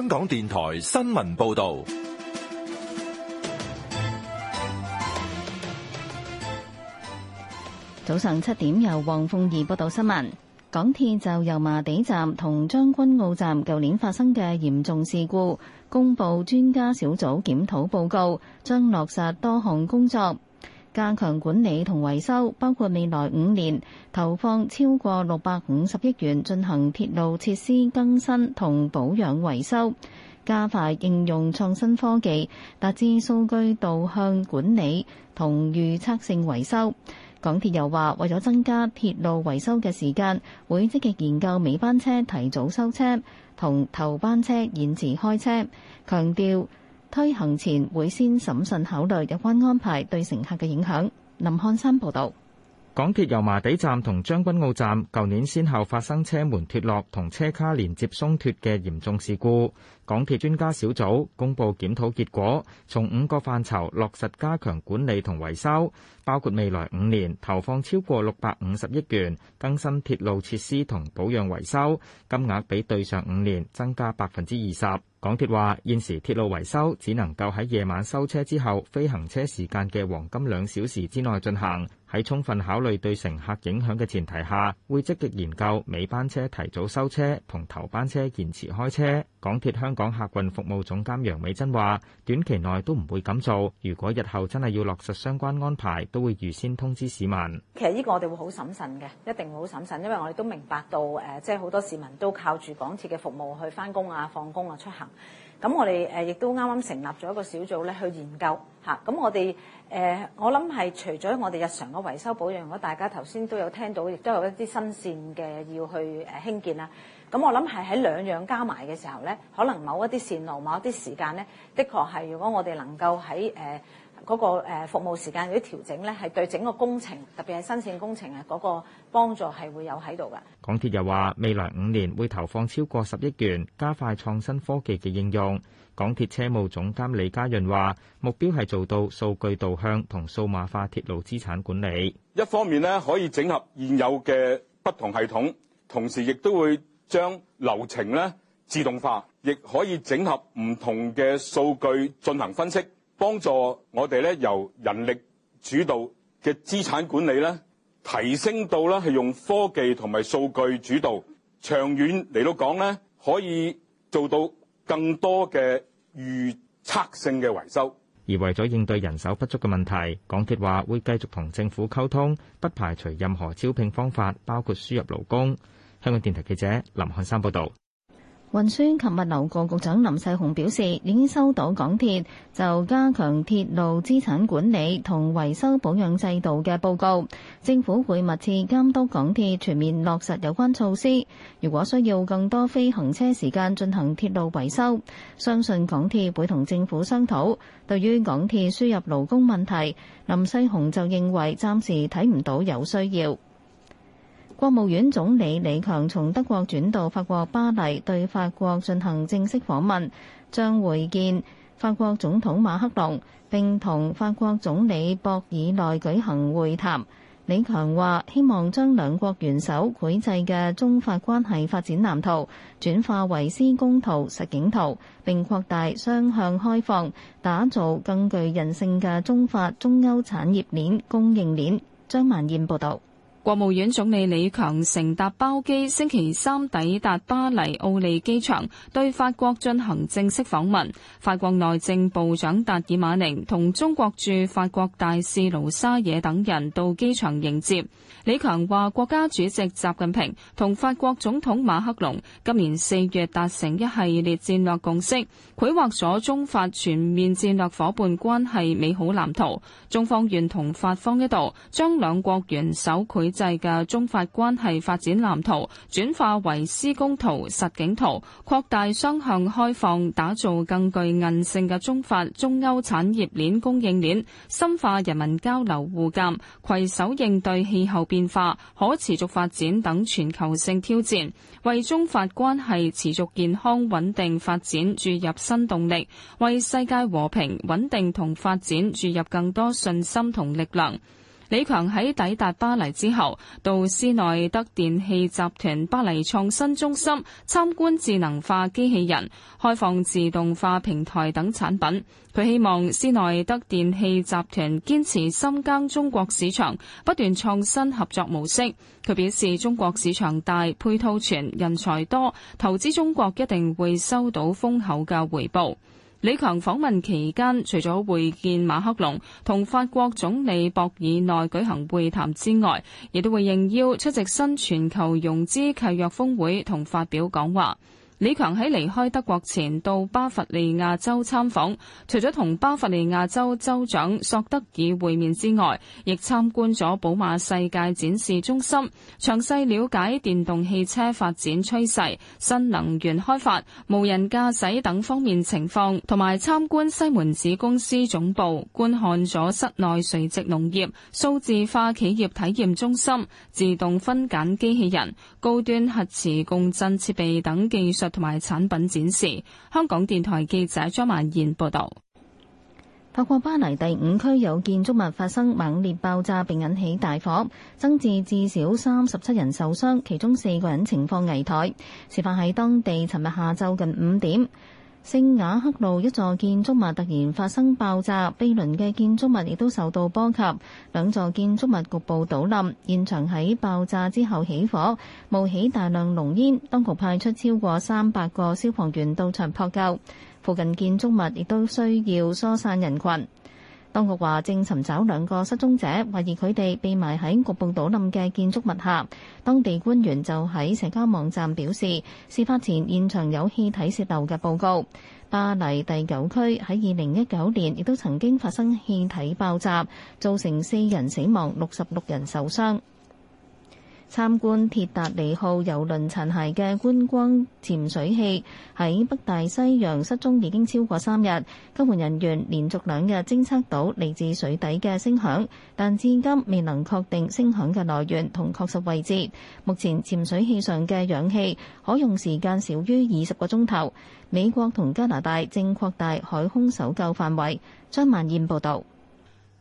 香港電台新聞報道，早上七點由黃鳳儀報道新聞。港鐵就油麻地站同將軍澳站舊年發生嘅嚴重事故，公布專家小組檢討報告，將落實多項工作。加強管理同維修，包括未來五年投放超過六百五十億元進行鐵路設施更新同保養維修，加快應用創新科技，達至數據導向管理同預測性維修。港鐵又話，為咗增加鐵路維修嘅時間，會積極研究尾班車提早收車同頭班車延遲開車，強調，推行前會先審慎考慮有關安排對乘客嘅影響。林漢山報道。港鐵油麻地站同將軍澳站，舊年先後發生車門脫落同車卡連接鬆脱嘅嚴重事故。港鐵專家小組公布檢討結果，從五個範疇落實加強管理同維修，包括未來五年投放超過六百五十億元更新鐵路設施同保養維修，金額比對上五年增加百分之二十。港鐵話，現時鐵路維修只能夠喺夜晚收車之後非行車時間嘅黃金兩小時之內進行。喺充分考慮對乘客影響嘅前提下，會積極研究尾班車提早收車同頭班車延遲開車。港鐵香港客運服務總監楊美珍話，短期內都唔會咁做。如果日後真係要落實相關安排，都會預先通知市民。其實呢個我哋會好審慎嘅，一定會好審慎，因為我哋都明白到誒，即係好多市民都靠住港鐵嘅服務去返工啊、放工啊、出行。咁我哋誒亦都啱啱成立咗一個小組咧，去研究吓。咁我哋誒，我諗係除咗我哋日常嘅維修保養，如果大家頭先都有聽到，亦都有一啲新線嘅要去誒興建啦。咁我諗係喺兩樣加埋嘅時候咧，可能某一啲線路、某一啲時間咧，的確係如果我哋能夠喺誒嗰個誒服務時間嗰啲調整咧，係對整個工程，特別係新線工程啊，嗰個幫助係會有喺度嘅。港鐵又話未來五年會投放超過十億元，加快創新科技嘅應用。港鐵車務總監李家潤話：目標係做到數據導向同數碼化鐵路資產管理。一方面咧可以整合現有嘅不同系統，同時亦都會將流程咧自動化，亦可以整合唔同嘅數據進行分析。幫助我哋咧，由人力主導嘅資產管理咧，提升到咧係用科技同埋數據主導。長遠嚟到講咧，可以做到更多嘅預測性嘅維修。而為咗應對人手不足嘅問題，港鐵話會繼續同政府溝通，不排除任何招聘方法，包括輸入勞工。香港電台記者林漢山報道。運輸及物流局局長林世雄表示，已經收到港鐵就加強鐵路資產管理同維修保養制度嘅報告，政府會密切監督港鐵全面落實有關措施。如果需要更多非行車時間進行鐵路維修，相信港鐵會同政府商討。對於港鐵輸入勞工問題，林世雄就認為暫時睇唔到有需要。國務院總理李強從德國轉到法國巴黎，對法國進行正式訪問，將會見法國總統馬克龍，並同法國總理博爾內舉行會談。李強話：希望將兩國元首繪製嘅中法關係發展藍圖轉化為施工圖、實景圖，並擴大雙向開放，打造更具韌性嘅中法、中歐產業鏈供應鏈。張曼燕報導。國務院總理李強乘搭包機，星期三抵達巴黎奧利機場，對法國進行正式訪問。法國內政部長達爾馬寧同中國駐法國大使盧沙野等人到機場迎接。李強話：國家主席習近平同法國總統馬克龍今年四月達成一系列戰略共識，繪劃咗中法全面戰略伙伴關係美好藍圖。中方願同法方一道，將兩國元首佢。製嘅中法關係發展藍圖轉化為施工圖、實景圖，擴大雙向開放，打造更具韌性嘅中法、中歐產業鏈供應鏈，深化人民交流互鑒，攜手應對氣候變化、可持續發展等全球性挑戰，為中法關係持續健康穩定發展注入新動力，為世界和平穩定同發展注入更多信心同力量。李強喺抵達巴黎之後，到施耐德電氣集團巴黎創新中心參觀智能化機器人、開放自動化平台等產品。佢希望施耐德電氣集團堅持深耕中國市場，不斷創新合作模式。佢表示：中國市場大，配套全，人才多，投資中國一定會收到豐厚嘅回報。李強訪問期間，除咗會見馬克龍同法國總理博爾內舉行會談之外，亦都會應邀出席新全球融資契約峰會同發表講話。李強喺離開德國前到巴伐利亞州參訪，除咗同巴伐利亞州州長索德爾會面之外，亦參觀咗寶馬世界展示中心，詳細了解電動汽車發展趨勢、新能源開發、無人駕駛等方面情況，同埋參觀西門子公司總部，觀看咗室內垂直農業、數字化企業體驗中心、自動分揀機器人、高端核磁共振設備等技術。同埋產品展示。香港電台記者張曼燕報導，法國巴黎第五區有建築物發生猛烈爆炸並引起大火，增至至少三十七人受傷，其中四個人情況危殆。事發喺當地尋日下晝近五點。聖雅克路一座建築物突然發生爆炸，毗鄰嘅建築物亦都受到波及，兩座建築物局部倒冧，現場喺爆炸之後起火，冒起大量濃煙。當局派出超過三百個消防員到場撲救，附近建築物亦都需要疏散人群。當局話正尋找兩個失蹤者，懷疑佢哋被埋喺局部倒冧嘅建築物下。當地官員就喺社交網站表示，事發前現場有氣體洩漏嘅報告。巴黎第九區喺二零一九年亦都曾經發生氣體爆炸，造成四人死亡、六十六人受傷。參觀鐵達尼號郵輪殘骸嘅觀光潛水器喺北大西洋失蹤已經超過三日，救援人員連續兩日偵測到嚟自水底嘅聲響，但至今未能確定聲響嘅來源同確實位置。目前潛水器上嘅氧氣可用時間少於二十個鐘頭。美國同加拿大正擴大海空搜救範圍。張萬燕報導。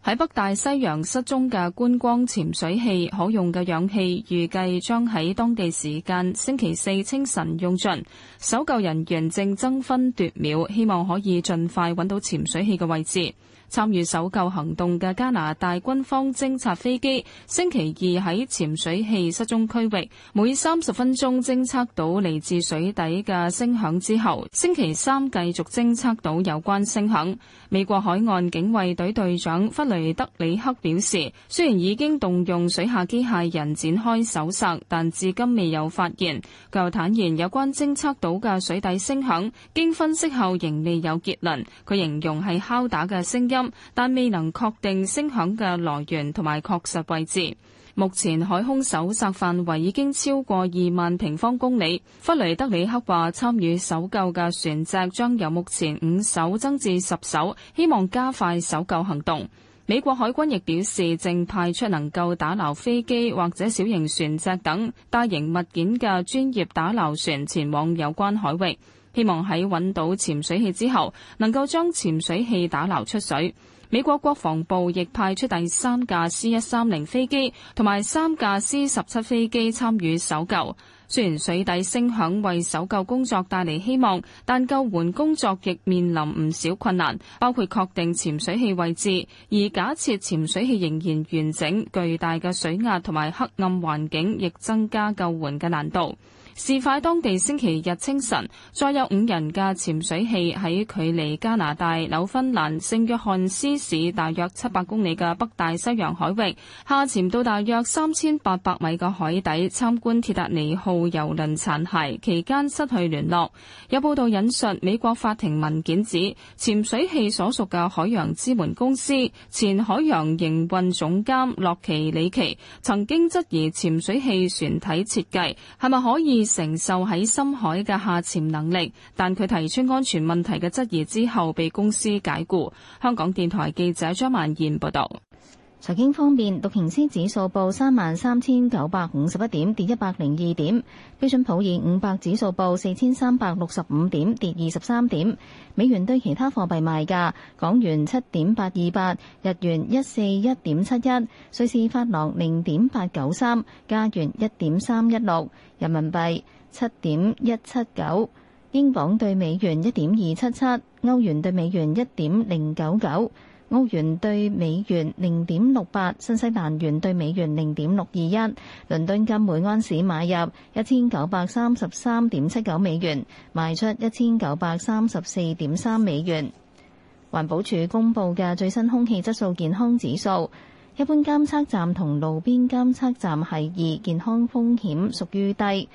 喺北大西洋失蹤嘅觀光潛水器可用嘅氧氣預計將喺當地時間星期四清晨用盡，搜救人員正爭分奪秒，希望可以盡快揾到潛水器嘅位置。參與搜救行動嘅加拿大軍方偵察飛機，星期二喺潛水器失蹤區域每三十分鐘偵測到嚟自水底嘅聲響之後，星期三繼續偵測到有關聲響。美國海岸警衛隊隊長弗雷德里克表示，雖然已經動用水下機械人展開搜索，但至今未有發現。佢又坦言，有關偵測到嘅水底聲響，經分析後仍未有結論。佢形容係敲打嘅聲音。但未能確定聲響嘅來源同埋確實位置。目前海空搜索範圍已經超過二萬平方公里。弗雷德里克話：參與搜救嘅船隻將由目前五艘增至十艘，希望加快搜救行動。美國海軍亦表示，正派出能夠打撈飛機或者小型船隻等大型物件嘅專業打撈船前往有關海域。希望喺搵到潛水器之後，能夠將潛水器打撈出水。美國國防部亦派出第三架 C 一三零飛機同埋三架 C 十七飛機參與搜救。雖然水底聲響為搜救工作帶嚟希望，但救援工作亦面臨唔少困難，包括確定潛水器位置，而假設潛水器仍然完整，巨大嘅水壓同埋黑暗環境亦增加救援嘅難度。事發當地星期日清晨，再有五人嘅潛水器喺距離加拿大紐芬蘭聖約翰斯市大約七百公里嘅北大西洋海域下潛到大約三千八百米嘅海底，參觀鐵達尼號郵輪殘骸，期間失去聯絡。有報道引述美國法庭文件指，潛水器所屬嘅海洋之門公司前海洋營運總監洛奇里奇曾經質疑潛水器船體設計係咪可以，承受喺深海嘅下潛能力，但佢提出安全問題嘅質疑之後被公司解雇。香港電台記者張曼燕報道。財經方面，道瓊斯指數報三萬三千九百五十一點，跌一百零二點；標準普爾五百指數報四千三百六十五點，跌二十三點。美元對其他貨幣賣價：港元七點八二八，日元一四一點七一，瑞士法郎零點八九三，加元一點三一六，人民幣七點一七九，英鎊對美元一點二七七，歐元對美元一點零九九。歐元對美元零點六八，新西蘭元對美元零點六二一，倫敦金每安士買入一千九百三十三點七九美元，賣出一千九百三十四點三美元。環保署公布嘅最新空氣質素健康指數，一般監測站同路邊監測站係二，健康風險屬於低。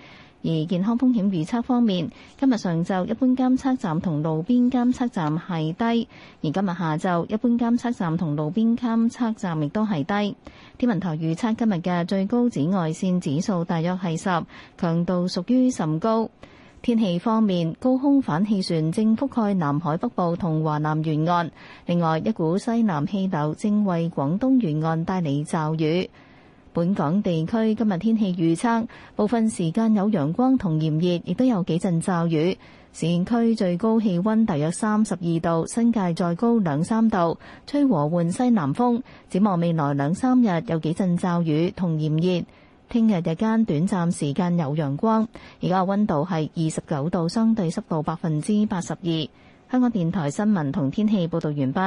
而健康風險預測方面，今日上晝一般監測站同路邊監測站係低，而今日下晝一般監測站同路邊監測站亦都係低。天文台預測今日嘅最高紫外線指數大約係十，強度屬於甚高。天氣方面，高空反氣旋正覆蓋南海北部同華南沿岸，另外一股西南氣流正為廣東沿岸帶嚟驟雨。本港地區今日天氣預測，部分時間有陽光同炎熱，亦都有幾陣驟雨。市區最高氣溫大約三十二度，新界再高兩三度，吹和緩西南風，展望未來兩三日有幾陣驟雨同炎熱，聽日日間短暫時間有陽光。而家溫度係二十九度，相對濕度百分之八十二。香港電台新聞同天氣報道完畢。